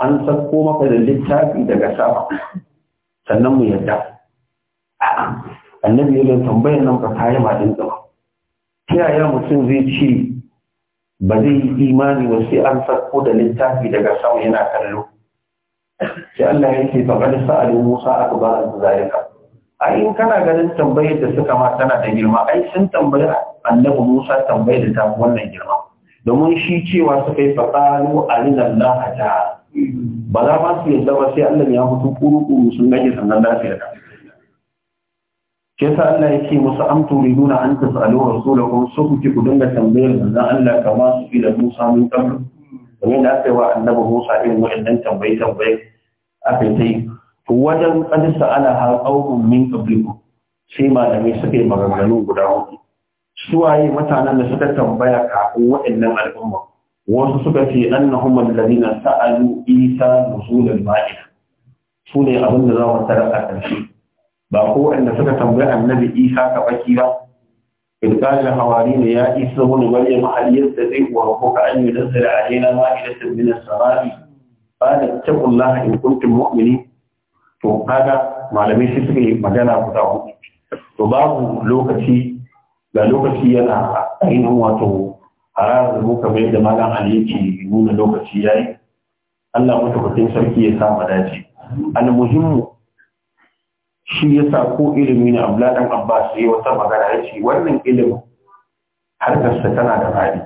an sako maka da littafi daga sama sannan mu yarda annabi ya tambayar nan ka kayi ma din ba ta yaya mutum zai ce ba zai yi imani ba sai an sako da littafi daga sama yana kallo sai Allah ya ce faɗa da sa'adin Musa a ku ba su ka. ai in kana ganin tambayar da suka ma tana da girma ai sun tambayi annabi Musa tambayar da ta wannan girma domin shi cewa suka yi faɗaru alina Allah ta ba za ma su yadda ba sai Allah ya mutu kuru kuru sun gaji sannan lafiya da Ke sa Allah ce musu am turiduna an tasalu rasulakum su kuke ku dinga tambayar manzon Allah kama su da Musa mun qabl kamar da aka yi wa annabi Musa irin waɗannan tambaye tambaye aka yi wajen qad sa'ala ha qaumun min sai malamai suka yi maganganu guda hudu suwaye mutanen da suka tambaya kafin waɗannan al'umma wasu suka ce annahum alladhina sa'alu isa nuzul al Su sune abin da za mu tarar a ƙarshe ba ko wanda suka tambayi annabi isa ka baki ba in kana hawari ne ya isa wani maryam hal yastati wa rabbuka an yunzila alaina ma'idatan min as-sama'i qala taqullaha in kuntum mu'minin to kaga malamai sai suka yi magana guda hudu to babu lokaci ga lokaci yana ainihin wato hararar mu kamar yadda malam ali yake nuna lokaci yayi Allah mutu sarki ya sa mu dace al-muhimmu shi ya sa ko ilimi na abladan abbas ya wata magana ya ce wannan ilimin harkarsa tana da faɗi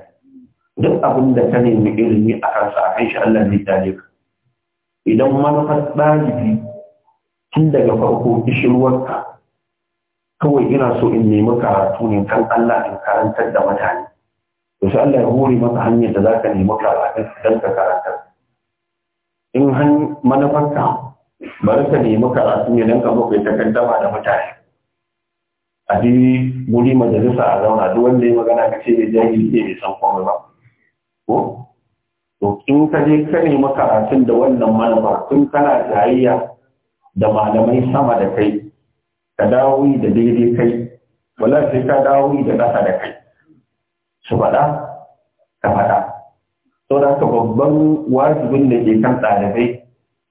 duk abin da ka nemi ilimi a kansa a kan shi allah zai tare idan manufar ɗalibi tun daga farko kishirwarka kawai ina so in nemi karatu ne kan allah in karantar da mutane to sai allah ya hore maka hanyar da za ka nemi karatu don ka karantar in manufarka bari ka nemi karatu ya danka muku ya takaddama da mutane a ji guri majalisa a zauna duk wanda ya magana ka ce mai jahili ke bai san komai ba ko to in ka je ka nemi karatun da wannan manufa tun kana jayayya da malamai sama da kai ka dawo da daidai kai wala sai ka dawo da ƙasa da kai su faɗa ka faɗa da ka babban wajibin da ke kan ɗalibai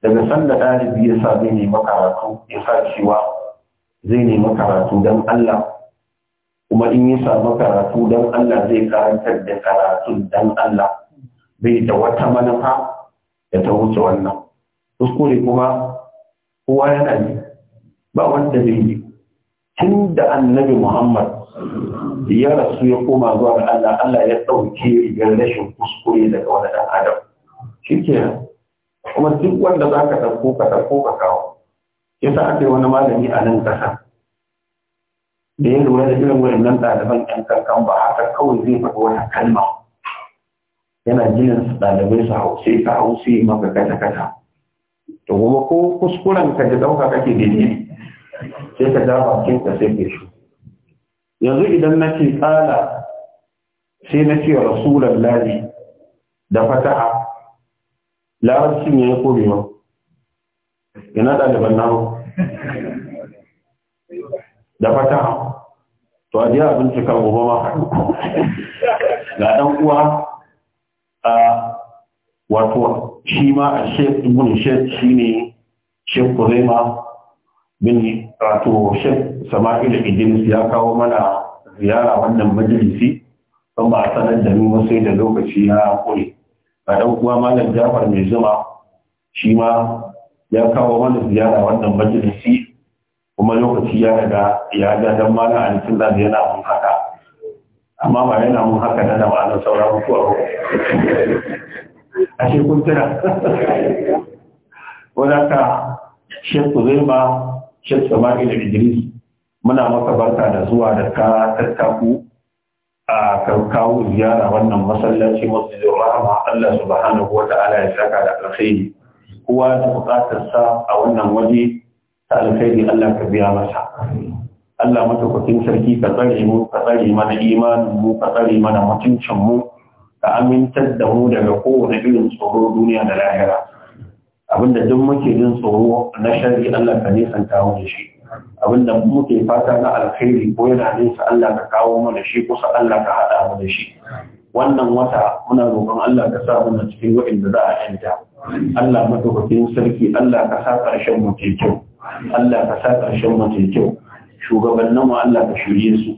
daga sanda ɗalibi ya sa zai nemi karatu ya sa cewa zai nemi karatu don Allah kuma in ya samu karatu don Allah zai karanta da karatun don Allah bai da wata manufa da ta wuce wannan kuskure kuma kowa yana ne ba wanda zai yi tun da annabi Muhammad ya rasu ya koma zuwa ga Allah Allah ya ɗauke rigar rashin kuskure daga wani ɗan adam shi kenan kuma duk wanda za ka ɗauko ka ɗauko ka kawo yasa aka yi wani malami a nan ƙasa da ya lura da irin nan ɗaliban ƴan kankan ba haka kawai zai faɗi wani kalma yana jinin ɗalibai su hau sai ka hau sai maka kata kata to kuma ko kuskuren ka ji ɗauka kake daidai sai ka ja bakin ka sai ke shi yanzu idan na ce tsala sai na ce rasulan da fataha larabci ko bi kore ma yana ɗaliban namu Dafa fata to a jiya abinci kan gobe ma ga ɗan uwa a wato shi ma a shek ibn shek shi ne shek kurema bin wato shek sama'il idris ya kawo mana ziyara wannan majalisi don ba sanar da mu sai da lokaci ya kure a ɗan kuwa malam jafar mai zuma shi ma ya kawo mana ziyara wannan majalisi kuma lokaci ya daga ya ga dan malam ali da yana mun haka amma ba yana mun haka da ma'anar Ashe kun a Wani tana wadaka shekku zai ma shekku da idris muna maka barka da zuwa da ka tattaku a kawo ziyara wannan masallaci masu rahama Allah subhanahu wa ta'ala ya saka da alkhairi kowa da bukatar sa a wannan waje ta alkhairi Allah ka biya masa Allah matakakin sarki ka tsare mu ka tsare mana imanin mu ka tsare mana mutuncin mu ka amintar da mu daga kowane irin tsoro duniya da lahira abinda duk muke jin tsoro na shari'a Allah ka nisanta mu da shi abin da muke fata na alkhairi ko yana nesa Allah ka kawo mana shi kusa Allah ka haɗa mana shi wannan wata muna roƙon Allah ka sa mana cikin waɗanda za a yanta Allah madaukakin sarki Allah ka sa ƙarshen mu kyau Allah ka sa ƙarshen mu kyau shugabannin mu Allah ka shirye su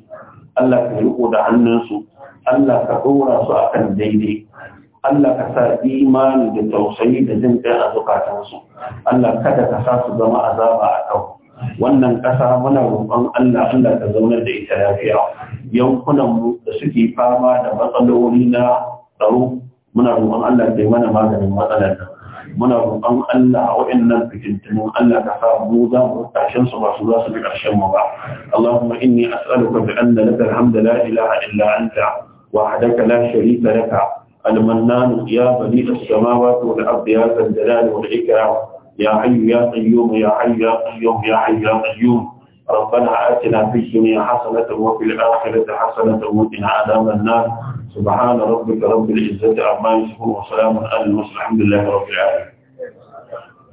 Allah ka riko da hannunsu Allah ka ɗora su a kan daidai Allah ka sa imani da tausayi da jin kai a zukatansu Allah kada ka sa su zama azaba a kawai wannan ƙasa muna roƙon Allah Allah ka zaunar da ita lafiya yankunan mu da suke fama da matsaloli na tsaro muna roƙon Allah yi mana maganin matsalar nan muna roƙon Allah waɗannan fitintunan Allah ka sa mu za mu tashin su masu za su bi ƙarshen mu ba Allahumma inni as'aluka bi anna laka alhamdu la ilaha illa anta wahdaka la sharika laka المنان يا بني السماوات والأرض يا ذا الجلال والإكرام يا حي يا قيوم يا حي يا قيوم يا حي يا قيوم ربنا آتنا في الدنيا حسنة وفي الآخرة حسنة وقنا عذاب النار سبحان ربك رب العزة عما يصفون وسلام على المرسلين الحمد لله رب العالمين